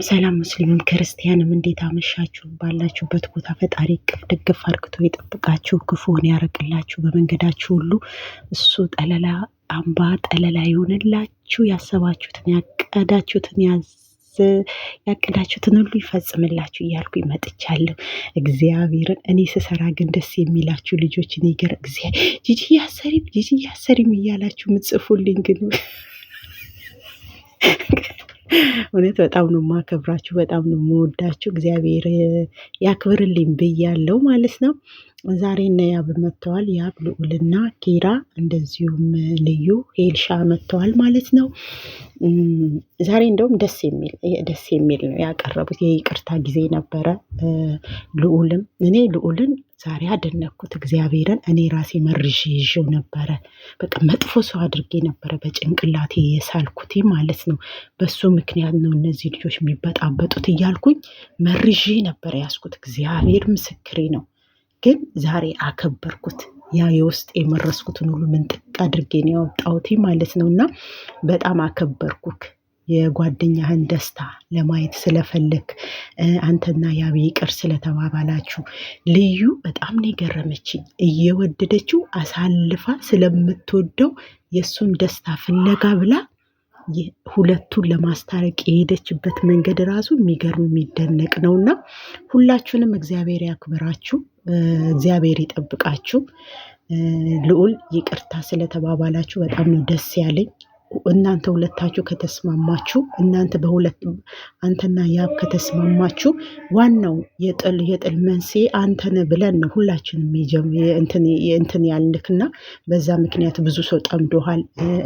ሰላም ሰላም፣ ሙስሊምም ክርስቲያንም እንዴት አመሻችሁ? ባላችሁበት ቦታ ፈጣሪ ቅፍ ድግፍ አርግቶ ይጠብቃችሁ፣ ክፉን ያረቅላችሁ፣ በመንገዳችሁ ሁሉ እሱ ጠለላ አምባ ጠለላ ይሆንላችሁ፣ ያሰባችሁትን ያቀዳችሁትን ያዘ ያቀዳችሁትን ሁሉ ይፈጽምላችሁ እያልኩ ይመጥቻለሁ። እግዚአብሔርን እኔ ስሰራ ግን ደስ የሚላችሁ ልጆች ኔገር ገር ጂጂ ያሰሪም ጂጂ ያሰሪም እያላችሁ ምጽፉልኝ ግን እውነት በጣም ነው የማከብራችሁ፣ በጣም ነው የምወዳችሁ። እግዚአብሔር ያክብርልኝ ብያለሁ ማለት ነው። ዛሬ እነ ያብ መጥተዋል። ያብ ልዑልና ኪራ እንደዚሁም ልዩ ሄልሻ መጥተዋል ማለት ነው። ዛሬ እንደውም ደስ የሚል ደስ የሚል ነው ያቀረቡት። የይቅርታ ጊዜ ነበረ። ልዑልም እኔ ልዑልን ዛሬ አደነኩት እግዚአብሔርን። እኔ ራሴ መርዤ ይዤው ነበረ። በቃ መጥፎ ሰው አድርጌ ነበረ በጭንቅላቴ የሳልኩት ማለት ነው። በሱ ምክንያት ነው እነዚህ ልጆች የሚበጣበጡት እያልኩኝ መርዤ ነበረ ያስኩት። እግዚአብሔር ምስክሬ ነው። ግን ዛሬ አከበርኩት። ያ የውስጥ የመረስኩትን ሁሉ ምንጥቅ አድርጌ ነው ያወጣሁት ማለት ነው። እና በጣም አከበርኩክ የጓደኛህን ደስታ ለማየት ስለፈለክ አንተና ያቤ ይቅር ስለተባባላችሁ ልዩ በጣም ነው የገረመችኝ። እየወደደችው አሳልፋ ስለምትወደው የእሱን ደስታ ፍለጋ ብላ ሁለቱን ለማስታረቅ የሄደችበት መንገድ ራሱ የሚገርም የሚደነቅ ነው እና ሁላችሁንም እግዚአብሔር ያክብራችሁ፣ እግዚአብሔር ይጠብቃችሁ። ልዑል ይቅርታ ስለተባባላችሁ በጣም ነው ደስ ያለኝ። እናንተ ሁለታችሁ ከተስማማችሁ እናንተ በሁለት አንተና ያብ ከተስማማችሁ ዋናው የጥል የጥል መንስኤ አንተነ ብለን ነው ሁላችንም እንትን ያልንክና በዛ ምክንያት ብዙ ሰው ጠምዶሃል።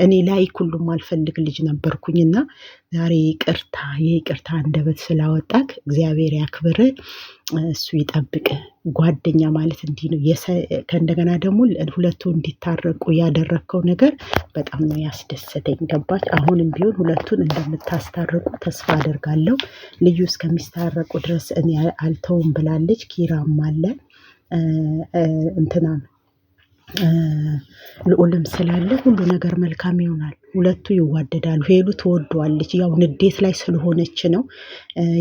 እኔ ላይ ሁሉም አልፈልግ ልጅ ነበርኩኝና ዛሬ ይቅርታ የይቅርታ አንደበት ስላወጣክ እግዚአብሔር ያክብርህ። እሱ ይጠብቅ። ጓደኛ ማለት እንዲህ ነው። ከእንደገና ደግሞ ሁለቱ እንዲታረቁ ያደረግከው ነገር በጣም ነው ያስደሰተኝ። ገባች። አሁንም ቢሆን ሁለቱን እንደምታስታርቁ ተስፋ አደርጋለሁ። ልዩ እስከሚስታረቁ ድረስ እኔ አልተውም ብላለች። ኪራም አለ እንትናም ልዑልም ስላለ ሁሉ ነገር መልካም ይሆናል። ሁለቱ ይዋደዳሉ። ሄሉ ትወደዋለች። ያው ንዴት ላይ ስለሆነች ነው።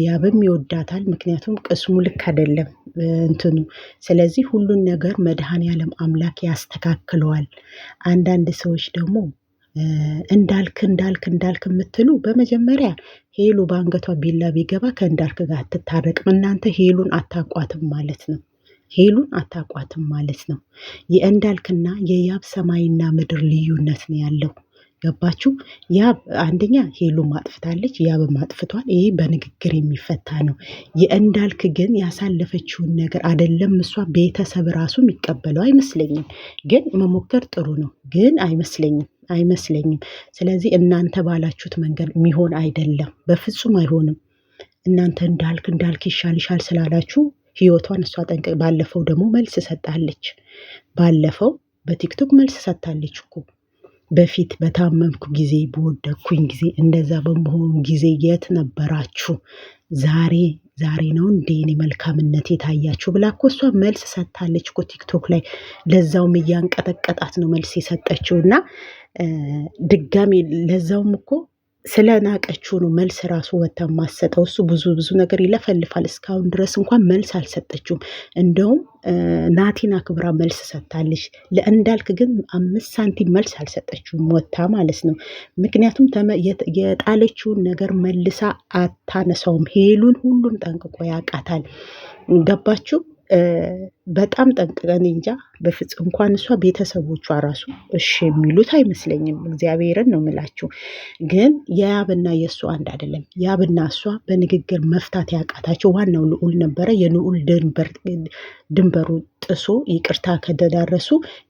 ያብም ይወዳታል። ምክንያቱም ቅስሙ ልክ አይደለም እንትኑ። ስለዚህ ሁሉን ነገር መድኃኔዓለም አምላክ ያስተካክለዋል። አንዳንድ ሰዎች ደግሞ እንዳልክ እንዳልክ እንዳልክ የምትሉ በመጀመሪያ ሄሉ በአንገቷ ቢላ ቢገባ ከእንዳልክ ጋር አትታረቅም። እናንተ ሄሉን አታቋትም ማለት ነው። ሄሉን አታቋትም ማለት ነው። የእንዳልክና የያብ ሰማይና ምድር ልዩነት ነው ያለው። ገባችሁ? ያብ አንደኛ ሄሉ ማጥፍታለች፣ ያብ ማጥፍቷል። ይህ በንግግር የሚፈታ ነው። የእንዳልክ ግን ያሳለፈችውን ነገር አደለም እሷ ቤተሰብ ራሱ የሚቀበለው አይመስለኝም። ግን መሞከር ጥሩ ነው፣ ግን አይመስለኝም አይመስለኝም። ስለዚህ እናንተ ባላችሁት መንገድ የሚሆን አይደለም፣ በፍጹም አይሆንም። እናንተ እንዳልክ እንዳልክ ይሻልሻል ስላላችሁ ህይወቷን እሷ ጠንቅቅ። ባለፈው ደግሞ መልስ ሰጣለች። ባለፈው በቲክቶክ መልስ ሰጥታለች እኮ በፊት በታመምኩ ጊዜ በወደኩኝ ጊዜ እንደዛ በመሆኑ ጊዜ የት ነበራችሁ? ዛሬ ዛሬ ነው እንዴ እኔ መልካምነት የታያችሁ ብላ እኮ እሷ መልስ ሰጥታለች እኮ ቲክቶክ ላይ ለዛውም እያንቀጠቀጣት ነው መልስ የሰጠችው እና ድጋሚ ለዛውም እኮ ስለ ናቀችው ነው መልስ ራሱ ወታ ማሰጠው። እሱ ብዙ ብዙ ነገር ይለፈልፋል። እስካሁን ድረስ እንኳን መልስ አልሰጠችውም። እንደውም ናቲን አክብራ መልስ ሰጥታለች። ለእንዳልክ ግን አምስት ሳንቲም መልስ አልሰጠችውም ወታ ማለት ነው። ምክንያቱም የጣለችውን ነገር መልሳ አታነሳውም። ሄሉን ሁሉም ጠንቅቆ ያውቃታል። ገባችሁ? በጣም ጠንቅቀን እንጃ በፍጽ እንኳን እሷ ቤተሰቦቿ ራሱ እሺ የሚሉት አይመስለኝም። እግዚአብሔርን ነው የምላችሁ። ግን የያብና የእሱ አንድ አይደለም። ያብና እሷ በንግግር መፍታት ያቃታቸው ዋናው ልዑል ነበረ። የልዑል ድንበሩ ጥሶ ይቅርታ ከተዳረሱ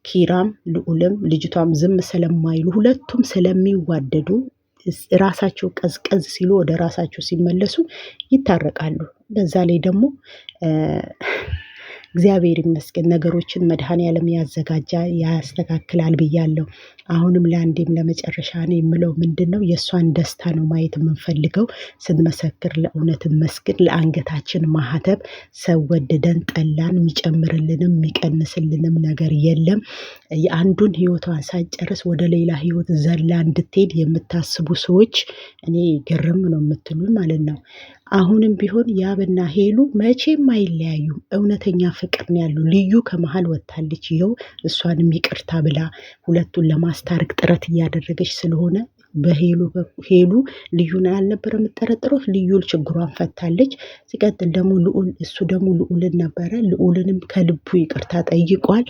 ኪራም ልዑልም ልጅቷም ዝም ስለማይሉ ሁለቱም ስለሚዋደዱ ራሳቸው ቀዝቀዝ ሲሉ ወደ ራሳቸው ሲመለሱ ይታረቃሉ። በዛ ላይ ደግሞ እግዚአብሔር ይመስገን ነገሮችን መድኃኔዓለም ያዘጋጃ ያስተካክላል ብያለሁ። አሁንም ለአንዴም ለመጨረሻ ነው የምለው ምንድን ነው የእሷን ደስታ ነው ማየት የምንፈልገው። ስንመሰክር ለእውነት መስግን ለአንገታችን ማህተብ ሰው ወደደን ጠላን የሚጨምርልንም የሚቀንስልንም ነገር የለም። የአንዱን ህይወቷን ሳጨርስ ወደ ሌላ ህይወት ዘላ እንድትሄድ የምታስቡ ሰዎች እኔ ግርም ነው የምትሉ ማለት ነው። አሁንም ቢሆን ያብና ሄሉ መቼም አይለያዩም። እውነተኛ ፍቅር ነው ያሉ። ልዩ ከመሀል ወጥታለች። ይኸው እሷንም ይቅርታ ብላ ሁለቱን ለማስታረቅ ጥረት እያደረገች ስለሆነ በሄሉ ሄሉ ልዩን አልነበረ የምጠረጥረው ልዩል ችግሯን ፈታለች። ሲቀጥል ደግሞ ልዑል እሱ ደግሞ ልዑልን ነበረ ልዑልንም ከልቡ ይቅርታ ጠይቋል።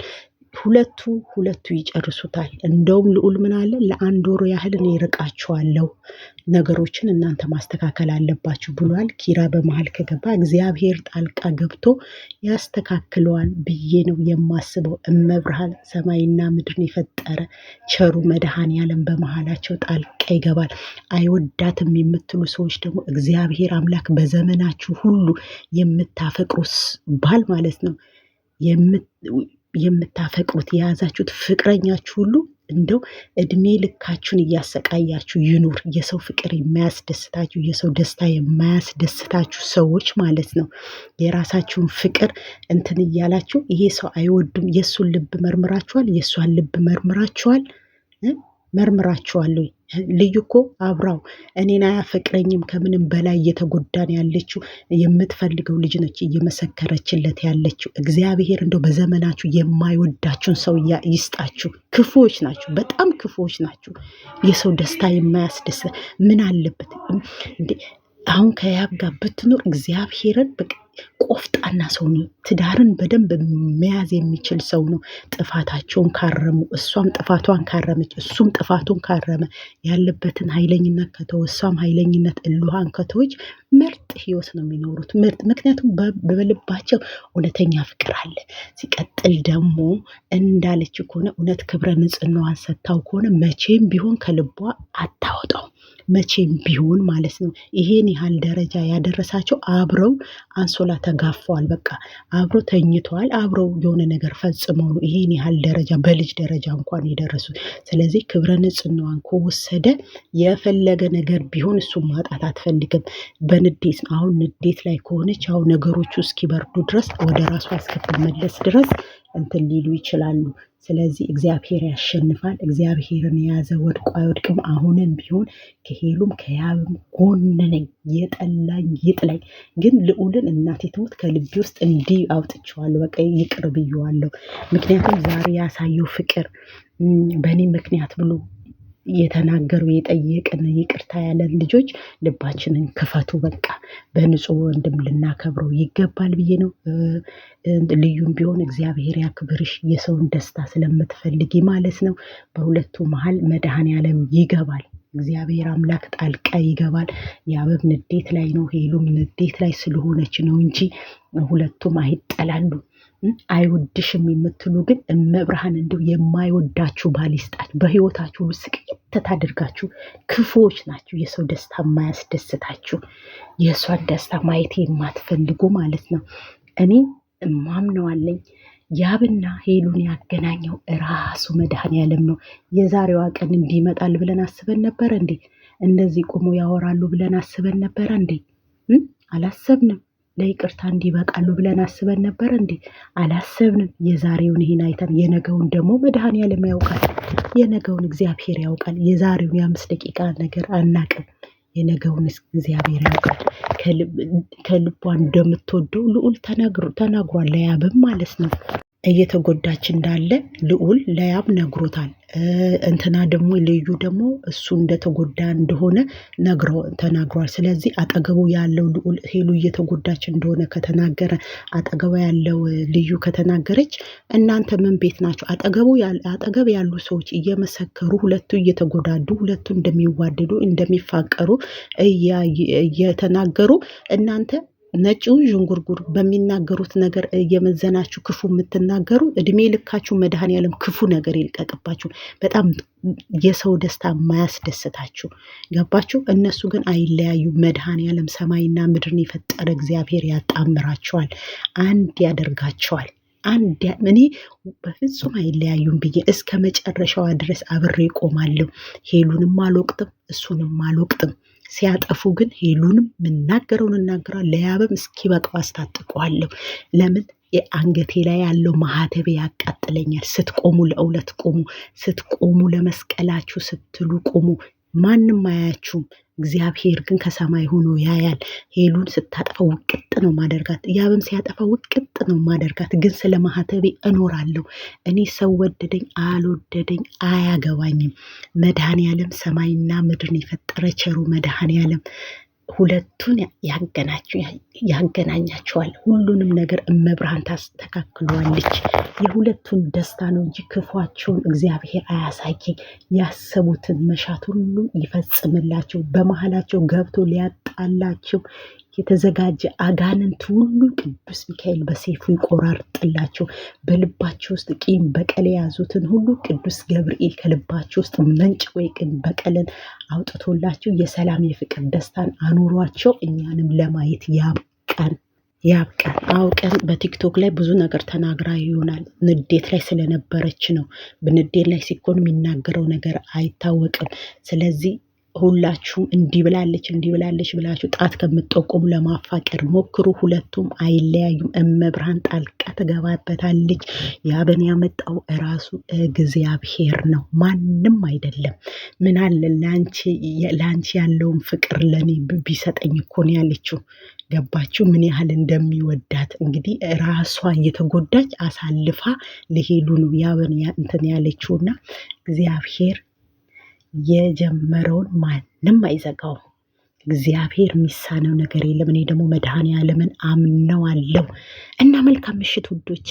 ሁለቱ ሁለቱ ይጨርሱታል። እንደውም ልዑል ምን አለ ለአንድ ወሮ ያህል እኔ እርቃችኋለሁ፣ ነገሮችን እናንተ ማስተካከል አለባችሁ ብሏል። ኪራ በመሀል ከገባ እግዚአብሔር ጣልቃ ገብቶ ያስተካክለዋል ብዬ ነው የማስበው። እመብርሃን ሰማይና ምድርን የፈጠረ ቸሩ መድኃኔዓለም በመሀላቸው ጣልቃ ይገባል። አይወዳትም የምትሉ ሰዎች ደግሞ እግዚአብሔር አምላክ በዘመናችሁ ሁሉ የምታፈቅሩስ ባል ማለት ነው የምታፈቅሩት የያዛችሁት ፍቅረኛችሁ ሁሉ እንደው እድሜ ልካችሁን እያሰቃያችሁ ይኑር። የሰው ፍቅር የማያስደስታችሁ የሰው ደስታ የማያስደስታችሁ ሰዎች ማለት ነው። የራሳችሁን ፍቅር እንትን እያላችሁ ይሄ ሰው አይወዱም። የእሱን ልብ መርምራችኋል፣ የእሷን ልብ መርምራችኋል፣ መርምራችኋል ልዩ እኮ አብራው እኔን አያፈቅረኝም ከምንም በላይ እየተጎዳን ያለችው የምትፈልገው ልጅ ነች እየመሰከረችለት ያለችው። እግዚአብሔር እንደው በዘመናችሁ የማይወዳችሁን ሰው ይስጣችሁ። ክፉዎች ናችሁ፣ በጣም ክፉዎች ናችሁ። የሰው ደስታ የማያስደስት ምን አለበት? አሁን ከያብ ጋር ብትኖር እግዚአብሔርን ቆፍጣና ሰው ነው። ትዳርን በደንብ መያዝ የሚችል ሰው ነው። ጥፋታቸውን ካረሙ፣ እሷም ጥፋቷን ካረመች፣ እሱም ጥፋቱን ካረመ፣ ያለበትን ኃይለኝነት ከተወ፣ እሷም ኃይለኝነት እልሃን ከተወች ምርጥ ህይወት ነው የሚኖሩት። ምርጥ ምክንያቱም በልባቸው እውነተኛ ፍቅር አለ። ሲቀጥል ደግሞ እንዳለች ከሆነ እውነት ክብረ ንጽህናዋን ሰታው ከሆነ መቼም ቢሆን ከልቧ አታወጣው። መቼም ቢሆን ማለት ነው ይሄን ያህል ደረጃ ያደረሳቸው አብረው አንሶላ ተጋፈዋል። በቃ አብረው ተኝተዋል። አብረው የሆነ ነገር ፈጽመው ነው ይሄን ያህል ደረጃ በልጅ ደረጃ እንኳን የደረሱት። ስለዚህ ክብረ ንጽህናዋን ከወሰደ የፈለገ ነገር ቢሆን እሱን ማጣት አትፈልግም። በንዴት አሁን ንዴት ላይ ከሆነች አሁን ነገሮቹ እስኪበርዱ ድረስ ወደ ራሷ እስክትመለስ ድረስ እንትን ሊሉ ይችላሉ። ስለዚህ እግዚአብሔር ያሸንፋል። እግዚአብሔርን የያዘ ወድቆ አይወድቅም። አሁንም ቢሆን ከሄሉም ከያብም ጎን ነኝ። የጠላኝ ይጥለኝ፣ ግን ልዑልን እናቴ ትሙት ከልቤ ውስጥ እንዲህ አውጥቼዋለሁ። በቃ ይቅር ብየዋለሁ። ምክንያቱም ዛሬ ያሳየው ፍቅር በእኔ ምክንያት ብሎ የተናገሩ የጠየቅን ይቅርታ ያለን ልጆች ልባችንን ክፈቱ። በቃ በንጹህ ወንድም ልናከብረው ይገባል ብዬ ነው። ልዩም ቢሆን እግዚአብሔር ያክብርሽ፣ የሰውን ደስታ ስለምትፈልጊ ማለት ነው። በሁለቱ መሀል መድኃኔዓለም ይገባል። እግዚአብሔር አምላክ ጣልቃ ይገባል። የአበብ ንዴት ላይ ነው፣ ሄሉም ንዴት ላይ ስለሆነች ነው እንጂ ሁለቱም አይጠላሉም። አይወድሽም የምትሉ ግን መብርሃን እንደው የማይወዳችሁ ባል ይስጣችሁ። በህይወታችሁ ስቅይት ታደርጋችሁ ክፉዎች ናችሁ። የሰው ደስታ የማያስደስታችሁ፣ የእሷን ደስታ ማየት የማትፈልጉ ማለት ነው። እኔ ማምነዋለኝ ያብና ሄሉን ያገናኘው ራሱ መድኃኔዓለም ነው። የዛሬዋ ቀን እንዲመጣል ብለን አስበን ነበረ እንዴ? እንደዚህ ቆሞ ያወራሉ ብለን አስበን ነበረ እንዴ? አላሰብንም። ለይቅርታ እንዲበቃሉ ብለን አስበን ነበር እንዴ? አላሰብንም። የዛሬውን ይህን አይተን የነገውን ደግሞ ያለም ያውቃል። የነገውን እግዚአብሔር ያውቃል። የዛሬውን የአምስት ደቂቃ ነገር አናቅም። የነገውን እግዚአብሔር ያውቃል። ከልቧ እንደምትወደው ልዑል ተናግሯል። ለያብም ማለት ነው። እየተጎዳች እንዳለ ልዑል ለያብ ነግሮታል። እንትና ደግሞ ልዩ ደግሞ እሱ እንደተጎዳ እንደሆነ ነግሮ ተናግሯል። ስለዚህ አጠገቡ ያለው ልዑል ሄሉ እየተጎዳች እንደሆነ ከተናገረ አጠገቡ ያለው ልዩ ከተናገረች እናንተ ምን ቤት ናቸው? አጠገቡ አጠገብ ያሉ ሰዎች እየመሰከሩ ሁለቱ እየተጎዳዱ ሁለቱ እንደሚዋደዱ እንደሚፋቀሩ እየተናገሩ እናንተ ነጭውን ዥንጉርጉር በሚናገሩት ነገር እየመዘናችሁ ክፉ የምትናገሩ እድሜ ልካችሁ መድኃኔዓለም ክፉ ነገር ይልቀቅባችሁ። በጣም የሰው ደስታ ማያስደስታችሁ ገባችሁ። እነሱ ግን አይለያዩ። መድኃኔዓለም ሰማይና ምድርን የፈጠረ እግዚአብሔር ያጣምራቸዋል፣ አንድ ያደርጋቸዋል። አንድ እኔ በፍጹም አይለያዩም ብዬ እስከ መጨረሻዋ ድረስ አብሬ ይቆማለሁ። ሄሉንም አልወቅጥም፣ እሱንም አልወቅጥም። ሲያጠፉ ግን ሄሉንም የምናገረውን እናገራል። ለያብም እስኪበቃው አስታጥቀዋለሁ። ለምን የአንገቴ ላይ ያለው ማህተብ ያቃጥለኛል። ስትቆሙ ለእውነት ቆሙ፣ ስትቆሙ ለመስቀላችሁ ስትሉ ቆሙ። ማንም አያችሁም። እግዚአብሔር ግን ከሰማይ ሆኖ ያያል። ሄሉን ስታጠፋ ውቅጥ ነው ማደርጋት፣ ያብም ሲያጠፋ ውቅጥ ነው ማደርጋት። ግን ስለ ማህተቤ እኖራለሁ። እኔ ሰው ወደደኝ አልወደደኝ አያገባኝም። መድኃኔ ዓለም ሰማይና ምድርን የፈጠረ ቸሩ መድኃኔ ሁለቱን ያገናኛቸዋል። ሁሉንም ነገር እመብርሃን ታስተካክለዋለች። የሁለቱን ደስታ ነው እንጂ ክፏቸውን እግዚአብሔር አያሳይ ያሰቡትን መሻት ሁሉ ይፈጽምላቸው። በመሀላቸው ገብቶ ሊያጣላቸው የተዘጋጀ አጋንንት ሁሉ ቅዱስ ሚካኤል በሰይፉ ይቆራርጥላቸው። በልባቸው ውስጥ ቂም በቀል የያዙትን ሁሉ ቅዱስ ገብርኤል ከልባቸው ውስጥ መንጭ ወይ ቅን በቀልን አውጥቶላቸው የሰላም የፍቅር ደስታን አኑሯቸው እኛንም ለማየት ያብቀን ያብቀን። አውቀን በቲክቶክ ላይ ብዙ ነገር ተናግራ ይሆናል። ንዴት ላይ ስለነበረች ነው። ብንዴት ላይ ሲኮን የሚናገረው ነገር አይታወቅም። ስለዚህ ሁላችሁ እንዲህ ብላለች እንዲህ ብላለች ብላችሁ ጣት ከምጠቆሙ ለማፋቀር ሞክሩ። ሁለቱም አይለያዩም። እመብርሃን ጣልቃ ትገባበታለች። ያበን ያመጣው እራሱ እግዚአብሔር ነው፣ ማንም አይደለም። ምን አለ ለአንቺ ያለውን ፍቅር ለእኔ ቢሰጠኝ እኮ ነው ያለችው። ገባችሁ? ምን ያህል እንደሚወዳት እንግዲህ ራሷ እየተጎዳች አሳልፋ ለሄሉ ነው ያበን እንትን ያለችውና እግዚአብሔር የጀመረውን ማንም አይዘጋውም። እግዚአብሔር የሚሳነው ነገር የለም። እኔ ደግሞ መድኃኔ ዓለምን አምነዋለሁ እና መልካም ምሽት ውዶች።